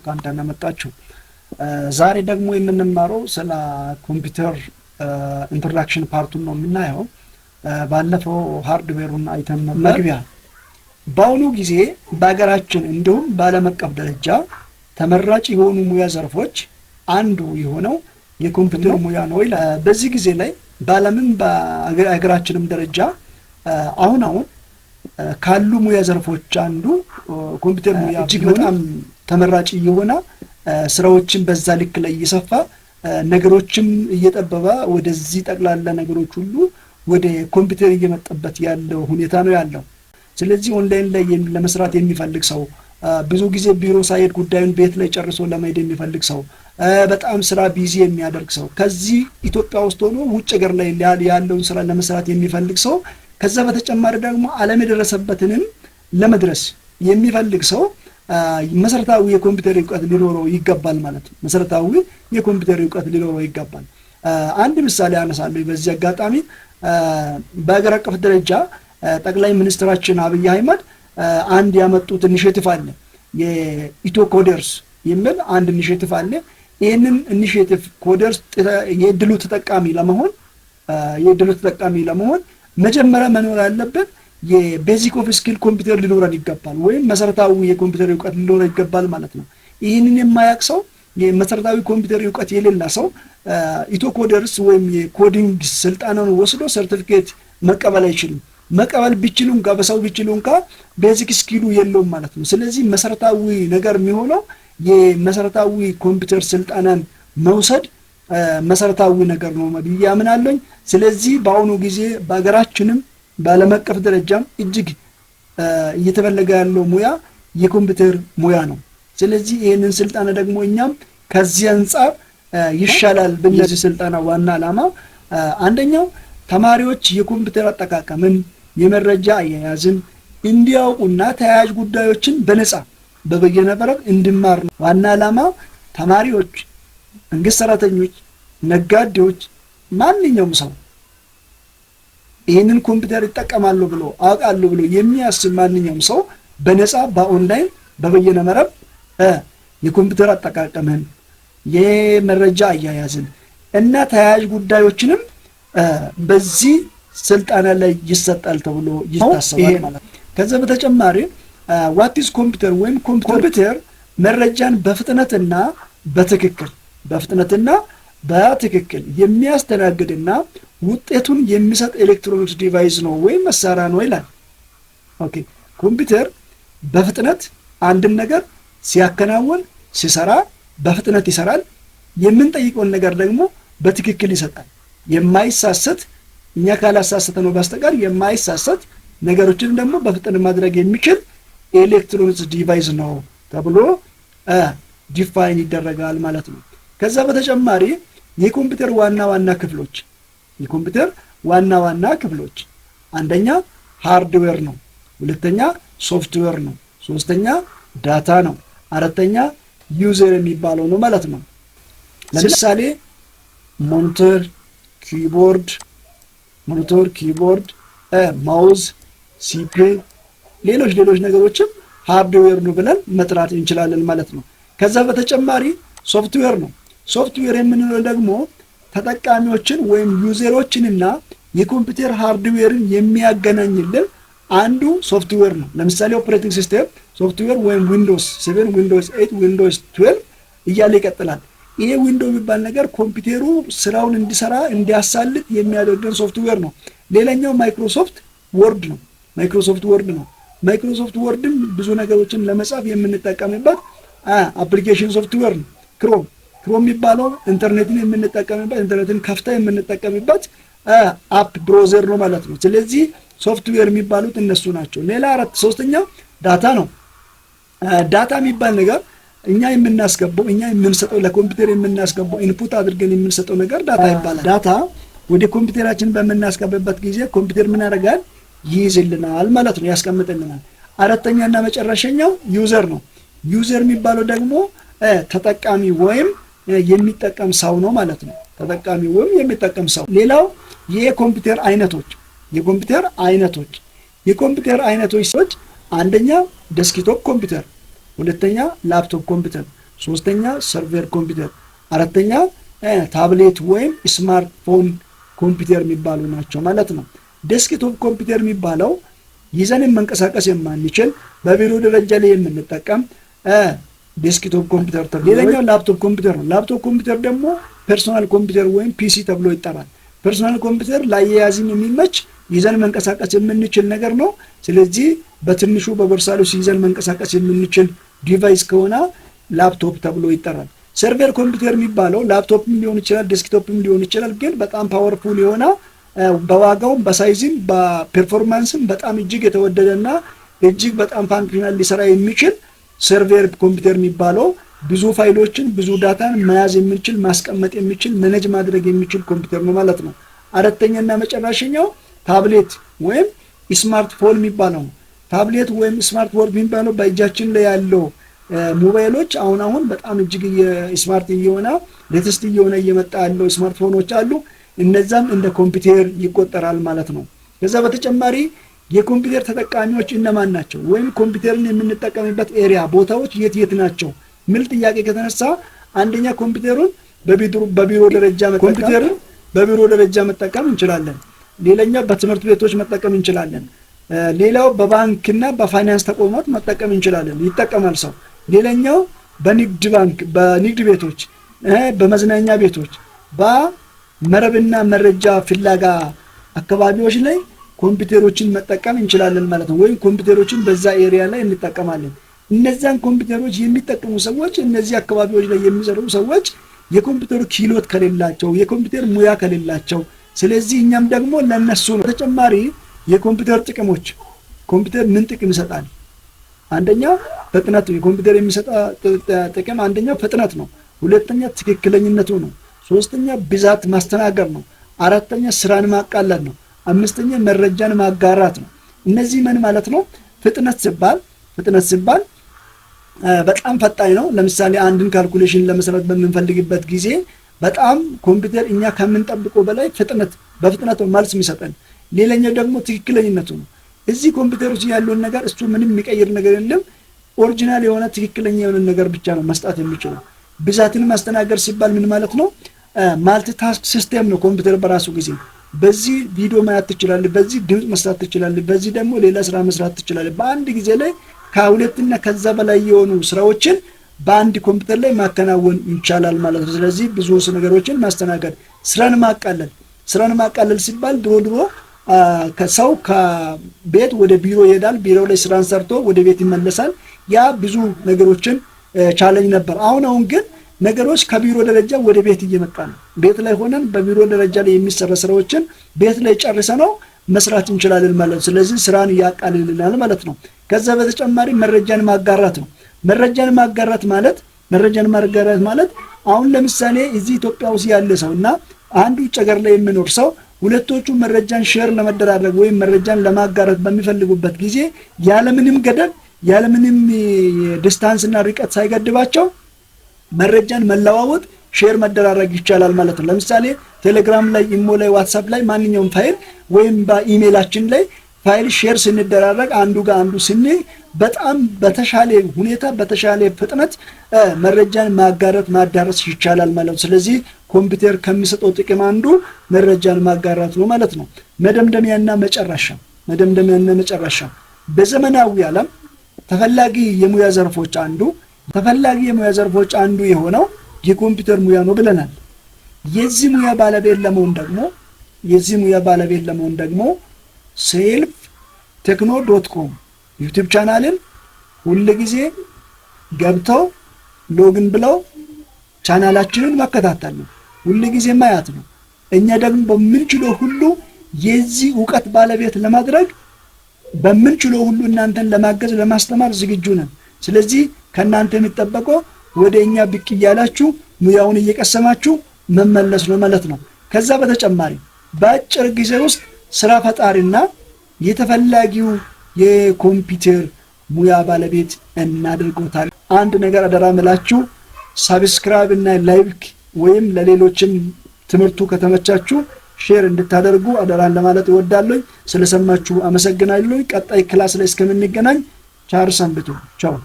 እንኳን ደህና መጣችሁ። ዛሬ ደግሞ የምንማረው ስለ ኮምፒውተር ኢንትሮዳክሽን ፓርቱን ነው የምናየው። ባለፈው ሃርድዌሩን አይተን መግቢያ። በአሁኑ ጊዜ በሀገራችን እንዲሁም በዓለም አቀፍ ደረጃ ተመራጭ የሆኑ ሙያ ዘርፎች አንዱ የሆነው የኮምፒውተር ሙያ ነው። በዚህ ጊዜ ላይ በዓለምም በሀገራችንም ደረጃ አሁን አሁን ካሉ ሙያ ዘርፎች አንዱ ኮምፒውተር ሙያ እጅግ በጣም ተመራጭ እየሆነ ስራዎችን በዛ ልክ ላይ እየሰፋ ነገሮችም እየጠበበ ወደዚህ ጠቅላላ ነገሮች ሁሉ ወደ ኮምፒውተር እየመጣበት ያለው ሁኔታ ነው ያለው። ስለዚህ ኦንላይን ላይ ለመስራት የሚፈልግ ሰው ብዙ ጊዜ ቢሮ ሳይሄድ ጉዳዩን ቤት ላይ ጨርሶ ለመሄድ የሚፈልግ ሰው በጣም ስራ ቢዚ የሚያደርግ ሰው ከዚህ ኢትዮጵያ ውስጥ ሆኖ ውጭ ሀገር ላይ ያለውን ስራ ለመስራት የሚፈልግ ሰው ከዛ በተጨማሪ ደግሞ ዓለም የደረሰበትንም ለመድረስ የሚፈልግ ሰው መሰረታዊ የኮምፒውተር እውቀት ሊኖረው ይገባል ማለት ነው። መሰረታዊ የኮምፒውተር እውቀት ሊኖረው ይገባል። አንድ ምሳሌ አነሳለሁ በዚህ አጋጣሚ። በሀገር አቀፍ ደረጃ ጠቅላይ ሚኒስትራችን አብይ አህመድ አንድ ያመጡት ኢኒሼቲቭ አለ፣ የኢትዮ ኮደርስ የሚል አንድ ኢኒሼቲቭ አለ። ይህንን ኢኒሼቲቭ ኮደርስ የድሉ ተጠቃሚ ለመሆን የድሉ ተጠቃሚ ለመሆን መጀመሪያ መኖር ያለበት የቤዚክ ኦፍ ስኪል ኮምፒውተር ሊኖረን ይገባል፣ ወይም መሰረታዊ የኮምፒውተር እውቀት ሊኖረን ይገባል ማለት ነው። ይህንን የማያውቅ ሰው የመሰረታዊ ኮምፒውተር እውቀት የሌላ ሰው ኮደርስ ወይም የኮዲንግ ስልጠናን ወስዶ ሰርቲፊኬት መቀበል አይችልም። መቀበል ቢችሉ እንኳ በሰው ቢችሉ እንኳ ቤዚክ ስኪሉ የለውም ማለት ነው። ስለዚህ መሰረታዊ ነገር የሚሆነው የመሰረታዊ ኮምፒውተር ስልጠናን መውሰድ መሰረታዊ ነገር ነው ብዬ አምናለኝ። ስለዚህ በአሁኑ ጊዜ በሀገራችንም በዓለም አቀፍ ደረጃም እጅግ እየተፈለገ ያለው ሙያ የኮምፒውተር ሙያ ነው። ስለዚህ ይህንን ስልጠና ደግሞ እኛም ከዚህ አንጻር ይሻላል በነዚህ ስልጠና ዋና ዓላማ አንደኛው ተማሪዎች የኮምፒውተር አጠቃቀምን፣ የመረጃ አያያዝን እንዲያውቁና ተያያዥ ጉዳዮችን በነጻ በበየነ መረብ ነው ዋና ዓላማ። ተማሪዎች፣ መንግስት ሰራተኞች፣ ነጋዴዎች፣ ማንኛውም ሰው ይህንን ኮምፒውተር ይጠቀማሉ ብሎ አውቃሉ ብሎ የሚያስብ ማንኛውም ሰው በነፃ በኦንላይን በበየነ መረብ የኮምፒውተር አጠቃቀምን የመረጃ አያያዝን እና ተያያዥ ጉዳዮችንም በዚህ ስልጠና ላይ ይሰጣል ተብሎ ይታሰባል ማለት ነው። በተጨማሪ ዋትስ ኮምፒውተር ወይም ኮምፒውተር መረጃን በፍጥነትና በትክክል በፍጥነትና በትክክል የሚያስተናግድና ውጤቱን የሚሰጥ ኤሌክትሮኒክስ ዲቫይስ ነው ወይም መሳሪያ ነው ይላል። ኦኬ ኮምፒውተር በፍጥነት አንድን ነገር ሲያከናውን ሲሰራ በፍጥነት ይሰራል። የምንጠይቀውን ነገር ደግሞ በትክክል ይሰጣል። የማይሳሰት እኛ ካላሳሰተ ነው በስተቀር የማይሳሰት ነገሮችን ደግሞ በፍጥነት ማድረግ የሚችል ኤሌክትሮኒክስ ዲቫይስ ነው ተብሎ ዲፋይን ይደረጋል ማለት ነው። ከዛ በተጨማሪ የኮምፒውተር ዋና ዋና ክፍሎች የኮምፒውተር ዋና ዋና ክፍሎች አንደኛ ሃርድዌር ነው፣ ሁለተኛ ሶፍትዌር ነው፣ ሶስተኛ ዳታ ነው፣ አራተኛ ዩዘር የሚባለው ነው ማለት ነው። ለምሳሌ ሞኒተር፣ ኪቦርድ፣ ሞኒተር፣ ኪቦርድ፣ ማውዝ፣ ሲፒ፣ ሌሎች ሌሎች ነገሮችም ሃርድዌር ነው ብለን መጥራት እንችላለን ማለት ነው። ከዛ በተጨማሪ ሶፍትዌር ነው። ሶፍትዌር የምንለው ደግሞ ተጠቃሚዎችን ወይም ዩዘሮችንና የኮምፒውተር ሃርድዌርን የሚያገናኝልን አንዱ ሶፍትዌር ነው። ለምሳሌ ኦፕሬቲንግ ሲስተም ሶፍትዌር ወይም ዊንዶውስ ሴቨን፣ ዊንዶውስ ኤይት፣ ዊንዶውስ ትዌልቭ እያለ ይቀጥላል። ይሄ ዊንዶው የሚባል ነገር ኮምፒውተሩ ስራውን እንዲሰራ እንዲያሳልጥ የሚያደርገን ሶፍትዌር ነው። ሌላኛው ማይክሮሶፍት ወርድ ነው። ማይክሮሶፍት ወርድ ነው። ማይክሮሶፍት ወርድም ብዙ ነገሮችን ለመጻፍ የምንጠቀምበት አፕሊኬሽን ሶፍትዌር ነው ክሮም ክሮም የሚባለው ኢንተርኔትን የምንጠቀምበት ኢንተርኔትን ከፍታ የምንጠቀምበት አፕ ብሮዘር ነው ማለት ነው። ስለዚህ ሶፍትዌር የሚባሉት እነሱ ናቸው። ሌላ አራት ሶስተኛ ዳታ ነው። ዳታ የሚባል ነገር እኛ የምናስገባው እኛ የምንሰጠው ለኮምፒውተር የምናስገባው ኢንፑት አድርገን የምንሰጠው ነገር ዳታ ይባላል። ዳታ ወደ ኮምፒውተራችን በምናስገባበት ጊዜ ኮምፒውተር ምን ያደርጋል? ይይዝልናል ማለት ነው፣ ያስቀምጥልናል። አራተኛና መጨረሻኛው ዩዘር ነው። ዩዘር የሚባለው ደግሞ ተጠቃሚ ወይም የሚጠቀም ሰው ነው ማለት ነው። ተጠቃሚ ወይም የሚጠቀም ሰው። ሌላው የኮምፒውተር አይነቶች የኮምፒውተር አይነቶች የኮምፒውተር አይነቶች ሰዎች አንደኛ ደስክቶፕ ኮምፒውተር፣ ሁለተኛ ላፕቶፕ ኮምፒውተር፣ ሶስተኛ ሰርቨር ኮምፒውተር፣ አራተኛ ታብሌት ወይም ስማርትፎን ኮምፒውተር የሚባሉ ናቸው ማለት ነው። ደስክቶፕ ኮምፒውተር የሚባለው ይዘንን መንቀሳቀስ የማንችል በቢሮ ደረጃ ላይ የምንጠቀም ዴስክቶፕ ኮምፒውተር ተብሎ፣ ሌላኛው ላፕቶፕ ኮምፒውተር ነው። ላፕቶፕ ኮምፒውተር ደግሞ ፐርሶናል ኮምፒውተር ወይም ፒሲ ተብሎ ይጠራል። ፐርሶናል ኮምፒውተር ለአያያዝም የሚመች ይዘን መንቀሳቀስ የምንችል ነገር ነው። ስለዚህ በትንሹ በቦርሳሉ ይዘን መንቀሳቀስ የምንችል ዲቫይስ ከሆነ ላፕቶፕ ተብሎ ይጠራል። ሰርቨር ኮምፒውተር የሚባለው ላፕቶፕም ሊሆን ይችላል፣ ዴስክቶፕም ሊሆን ይችላል። ግን በጣም ፓወርፉል የሆነ በዋጋውም በሳይዝም በፐርፎርማንስም በጣም እጅግ የተወደደ እና እጅግ በጣም ፋንክሽናል ሊሰራ የሚችል ሰርቬር ኮምፒውተር የሚባለው ብዙ ፋይሎችን ብዙ ዳታን መያዝ የሚችል ማስቀመጥ የሚችል መነጅ ማድረግ የሚችል ኮምፒውተር ነው ማለት ነው። አራተኛና መጨረሻኛው ታብሌት ወይም ስማርትፎን የሚባለው ታብሌት ወይም ስማርት ስማርትፎን የሚባለው በእጃችን ላይ ያለው ሞባይሎች አሁን አሁን በጣም እጅግ ስማርት እየሆነ ሌትስት እየሆነ እየመጣ ያለው ስማርትፎኖች አሉ። እነዛም እንደ ኮምፒውተር ይቆጠራል ማለት ነው። ከዛ በተጨማሪ የኮምፒውተር ተጠቃሚዎች እነማን ናቸው? ወይም ኮምፒውተርን የምንጠቀምበት ኤሪያ ቦታዎች የት የት ናቸው? ምል ጥያቄ ከተነሳ አንደኛ ኮምፒውተሩን በቢሮ ደረጃ ኮምፒውተርን በቢሮ ደረጃ መጠቀም እንችላለን። ሌላኛው በትምህርት ቤቶች መጠቀም እንችላለን። ሌላው በባንክና በፋይናንስ ተቋማት መጠቀም እንችላለን። ይጠቀማል ሰው። ሌላኛው በንግድ ባንክ፣ በንግድ ቤቶች፣ በመዝናኛ ቤቶች፣ በመረብና መረጃ ፍለጋ አካባቢዎች ላይ ኮምፒውተሮችን መጠቀም እንችላለን ማለት ነው። ወይም ኮምፒውተሮችን በዛ ኤሪያ ላይ እንጠቀማለን። እነዛን ኮምፒውተሮች የሚጠቀሙ ሰዎች፣ እነዚህ አካባቢዎች ላይ የሚሰሩ ሰዎች የኮምፒውተር ኪሎት ከሌላቸው፣ የኮምፒውተር ሙያ ከሌላቸው፣ ስለዚህ እኛም ደግሞ ለነሱ ነው። በተጨማሪ የኮምፒውተር ጥቅሞች ኮምፒውተር ምን ጥቅም ይሰጣል? አንደኛ ፍጥነቱ፣ የኮምፒውተር የሚሰጠ ጥቅም አንደኛ ፍጥነት ነው። ሁለተኛ ትክክለኝነቱ ነው። ሶስተኛ ብዛት ማስተናገር ነው። አራተኛ ስራን ማቃለል ነው። አምስተኛ መረጃን ማጋራት ነው። እነዚህ ምን ማለት ነው? ፍጥነት ሲባል ፍጥነት ሲባል በጣም ፈጣኝ ነው። ለምሳሌ አንድን ካልኩሌሽን ለመስራት በምንፈልግበት ጊዜ በጣም ኮምፒውተር እኛ ከምንጠብቀው በላይ ፍጥነት በፍጥነት መልስ የሚሰጠን ሌላኛው ደግሞ ትክክለኝነቱ ነው። እዚህ ኮምፒውተር ውስጥ ያለውን ነገር እሱ ምንም የሚቀይር ነገር የለም። ኦሪጂናል የሆነ ትክክለኛ የሆነ ነገር ብቻ ነው መስጣት የሚችለው። ብዛትን ማስተናገድ ሲባል ምን ማለት ነው? ማልቲታስክ ሲስተም ነው ኮምፒውተር በራሱ ጊዜ በዚህ ቪዲዮ ማየት ትችላለህ፣ በዚህ ድምፅ መስራት ትችላለህ፣ በዚህ ደግሞ ሌላ ስራ መስራት ትችላለህ። በአንድ ጊዜ ላይ ከሁለትና ከዛ በላይ የሆኑ ስራዎችን በአንድ ኮምፒውተር ላይ ማከናወን ይቻላል ማለት ነው። ስለዚህ ብዙ ነገሮችን ማስተናገድ፣ ስራን ማቃለል። ስራን ማቃለል ሲባል ድሮ ድሮ ከሰው ከቤት ወደ ቢሮ ይሄዳል፣ ቢሮ ላይ ስራን ሰርቶ ወደ ቤት ይመለሳል። ያ ብዙ ነገሮችን ቻለኝ ነበር። አሁን አሁን ግን ነገሮች ከቢሮ ደረጃ ወደ ቤት እየመጣ ነው። ቤት ላይ ሆነን በቢሮ ደረጃ ላይ የሚሰራ ስራዎችን ቤት ላይ ጨርሰ ነው መስራት እንችላለን ማለት ነው። ስለዚህ ስራን እያቃልልናል ማለት ነው። ከዛ በተጨማሪ መረጃን ማጋራት ነው። መረጃን ማጋራት ማለት መረጃን ማጋራት ማለት አሁን ለምሳሌ እዚህ ኢትዮጵያ ውስጥ ያለ ሰው እና አንድ ውጭ ሀገር ላይ የሚኖር ሰው ሁለቶቹ መረጃን ሼር ለመደራረግ ወይም መረጃን ለማጋራት በሚፈልጉበት ጊዜ ያለምንም ገደብ ያለምንም ዲስታንስና ርቀት ሳይገድባቸው መረጃን መለዋወጥ ሼር መደራረግ ይቻላል ማለት ነው። ለምሳሌ ቴሌግራም ላይ፣ ኢሞ ላይ፣ ዋትሳፕ ላይ ማንኛውም ፋይል ወይም በኢሜይላችን ላይ ፋይል ሼር ስንደራረግ አንዱ ጋር አንዱ ስንይ በጣም በተሻለ ሁኔታ በተሻለ ፍጥነት መረጃን ማጋራት ማዳረስ ይቻላል ማለት ነው። ስለዚህ ኮምፒውተር ከሚሰጠው ጥቅም አንዱ መረጃን ማጋራት ነው ማለት ነው። መደምደሚያና መጨረሻ መደምደሚያና መጨረሻ በዘመናዊ ዓለም ተፈላጊ የሙያ ዘርፎች አንዱ ተፈላጊ የሙያ ዘርፎች አንዱ የሆነው የኮምፒውተር ሙያ ነው ብለናል። የዚህ ሙያ ባለቤት ለመሆን ደግሞ የዚህ ሙያ ባለቤት ለመሆን ደግሞ ሴልፍ ቴክኖ ዶት ኮም ዩቲብ ቻናልን ሁል ጊዜ ገብተው ሎግን ብለው ቻናላችንን መከታተል ነው፣ ሁል ጊዜ ማያት ነው። እኛ ደግሞ በምንችለው ሁሉ የዚህ እውቀት ባለቤት ለማድረግ በምንችለው ሁሉ እናንተን ለማገዝ ለማስተማር ዝግጁ ነን። ስለዚህ ከእናንተ የሚጠበቀው ወደ እኛ ብቅ እያላችሁ ሙያውን እየቀሰማችሁ መመለስ ነው ማለት ነው። ከዛ በተጨማሪ በአጭር ጊዜ ውስጥ ስራ ፈጣሪና የተፈላጊው የኮምፒውተር ሙያ ባለቤት እናደርጎታል። አንድ ነገር አደራ ምላችሁ ሳብስክራይብ እና ላይክ ወይም ለሌሎችም ትምህርቱ ከተመቻችሁ ሼር እንድታደርጉ አደራን ለማለት እወዳለሁ። ስለሰማችሁ አመሰግናለሁ። ቀጣይ ክላስ ላይ እስከምንገናኝ ቻር ሰንብቱ። ቻው